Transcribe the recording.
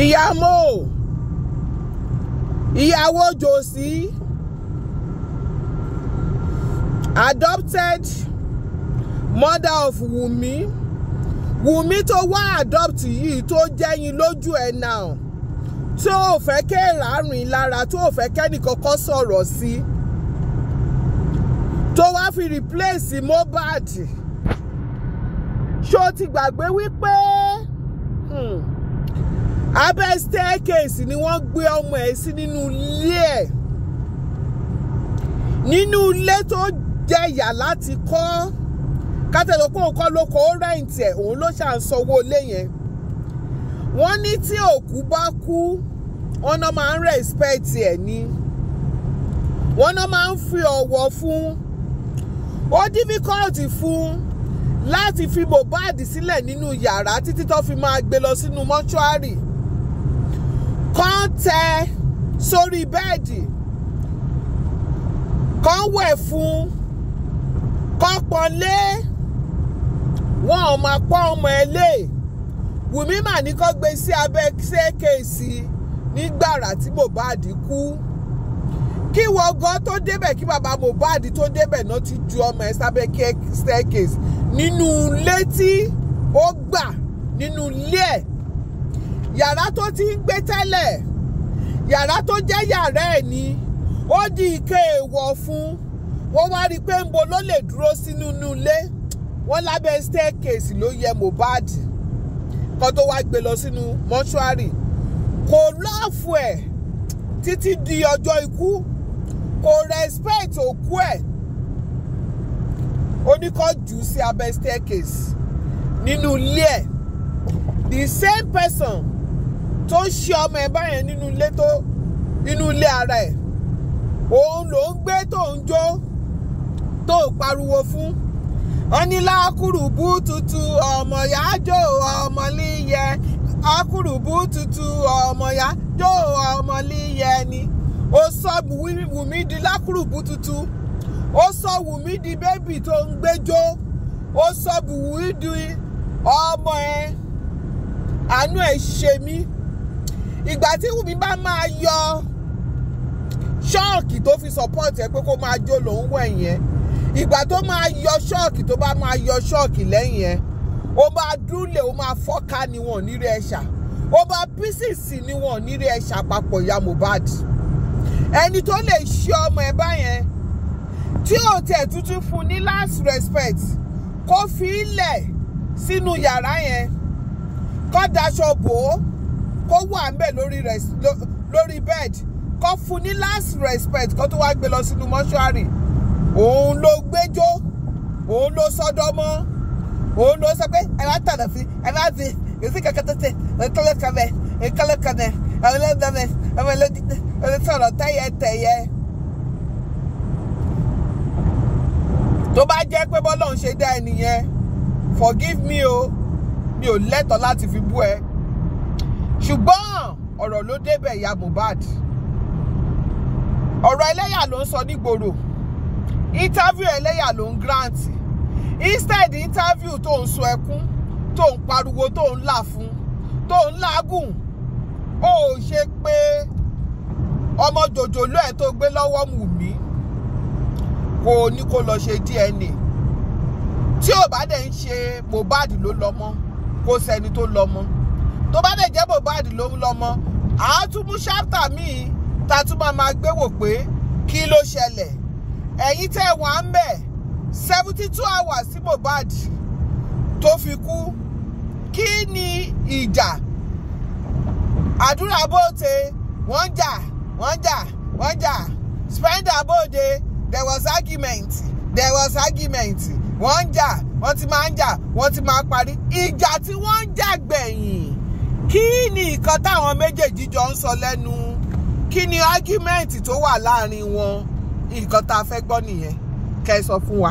ìyàmó ìyàwó jòsí adopted mother of Wumi Wumi tó wá adopt yìí tó jẹ́yin lójú ẹ̀ náà tí ò fẹ́ kéèrà rìn lára tó ò fẹ́ kẹ́nìkankan sọ̀rọ̀ sí tó wá fi replace Mohbad ṣó ti gbàgbé wípé. Hmm abẹ́ staircase ni wọ́n gbé ọmọ ẹ̀ sí nínú ilé ẹ̀ nínú ilé tó jẹ̀yà láti kọ́ kátẹ́lò kó nǹkan ló kọ́ rẹ́ǹtì ẹ̀ òun ló ṣà ń sanwó ilé yẹn wọ́n ní tí òkú bá kú wọ́n náà máa ń respect ẹ̀ ni wọ́n náà máa ń fi ọ̀wọ̀ fún ó difficult fún láti fi Mohbad sílẹ̀ nínú yàrá títí tó fi máa gbé lọ sínú mọ́ṣúárì. Si kán tẹ sórí bẹ́ẹ̀dì kán wẹ̀ fún kán pọ́nlé wọn ò máa pọ́n ọmọ ẹ lé Wùmí mà ní kó gbé sí abẹ́ ṣékèèsì nígbàrà tí Mohbad kú kí wọ́n gan tó débẹ̀ kí bàbá Mohbad tó débẹ̀ náà ti ju ọmọ ẹ sábẹ́ staircase nínú ilé tí ó gbà nínú ilé ẹ̀ yàrá tó ti ń gbé tẹ́lẹ̀ yàrá tó jẹ́ yàrá ẹ̀ ni ó di ike èèwọ̀ fún wọ́n wá rí i pé ńbo ló lè dúró sínú inú ilé wọ́n lábẹ́ staircase ló yẹ Mohbad kó tó wá gbé lọ sínú mọ́ṣúárì kò lọ́ọ̀fù ẹ̀ títí di ọjọ́ ikú kò respect òkú ẹ̀ ó jù sí abẹ́ staircase nínú ilé ẹ̀ the same person tó ń ṣe ọmọ ẹ̀ báyẹn nínú ilé tó inú ilé ara ẹ̀ òun ló ń gbé tó ń jó tó pariwo fún wọn ní lákùrùbù tutù ọmọ yá jó ọmọ líyẹ akùrùbù tutù ọmọ yá jó ọmọ líyẹ ni ó sọ wùmí di lákùrùbù tutù ó sọ wùmí di bébì tó ń gbé jó ó sọ wùmí di ọmọ ẹ àánú ẹ ṣe mí ìgbà tí Wùmí bá máa yọ ṣọ́ọ̀kì tó fi support ẹ pé kó máa jó lòún wẹ̀yìn ẹ ìgbà tó máa yọ ṣọ́ọ̀kì tó bá máa yọ ṣọ́ọ̀kì lẹ́yìn ẹ ó máa dúlẹ̀ ó máa fọ́ká ni wọn nírí ẹ̀ṣà ó máa písìsì ni nírí ẹ̀ṣà papọ̀ ìyá Mohbad ẹni tó lè ṣe ọmọ ẹ báyẹn tí ò tẹ̀ tuntun fún ní last respect kó fi í lẹ̀ sínú yàrá yẹn kó daṣọ bò kó wà ń bẹ̀ lórí lórí bed kó fún ní last respect kó tó wá gbé lọ sínú mọ́ṣúárì òun ló gbẹ́jọ́ òun ló sọdọ́mọ́ òun ló sọ pé ẹ bá tànà sí ẹ bá fi èsì kankan tètè ìkọlẹ̀ kanẹ̀ ìkọlẹ̀ kanẹ̀ àwọn ẹlẹ́dàmẹ̀ àwọn ẹlẹ́dàmẹ̀ sọ̀rọ̀ tẹ́yẹ tẹ́yẹ. tó bá jẹ́ pé bọ́lọ́run ṣe dá ẹ nìyẹn forgive me o mi ò lẹ́tọ̀ọ́ láti fi bú ẹ ṣùgbọ́n ọ̀rọ̀ ló débẹ̀ ìyá Mohbad ọ̀rọ̀ ẹlẹ́yà ló ń sọ nígboro interview ẹlẹ́yà ló ń grant instead interview tó ń sun ẹkún tó ń pariwo tó ń là fún tó ń lágùn ó ṣe pé ọmọ jòjòló ẹ̀ tó gbé lọ́wọ́ mú mi kò ní kó lọ ṣe DNA tí ò bá dẹ̀ ń ṣe Mohbad ló lọ́mọ kò sẹ́ni tó lọ́mọ tó bá dẹ̀ jẹ́ Mohbad ló ń lọ́mọ àá ṣáptà míì tá a tún máa máa gbé wò pé kí ló ṣẹlẹ̀ ẹ̀yin tẹ́ wà ń bẹ̀ seventy two hours sí Mohbad tó fi kú kí ni ìjà àdúrà bóde wọ́n jà wọ́n jà wọ́n jà spender bóde there was argument there was argument wọ́n ń jà wọ́n ti máa ń jà wọ́n ti máa parí ìjà tí wọ́n ń jà gbẹ̀yìn kí ni nǹkan táwọn méjèèjì jọ ń sọ lẹ́nu kí ni argument tó wà láàrin wọn nǹkan tá a fẹ́ gbọ́ nìyẹn kẹ́ ẹ sọ fún wa.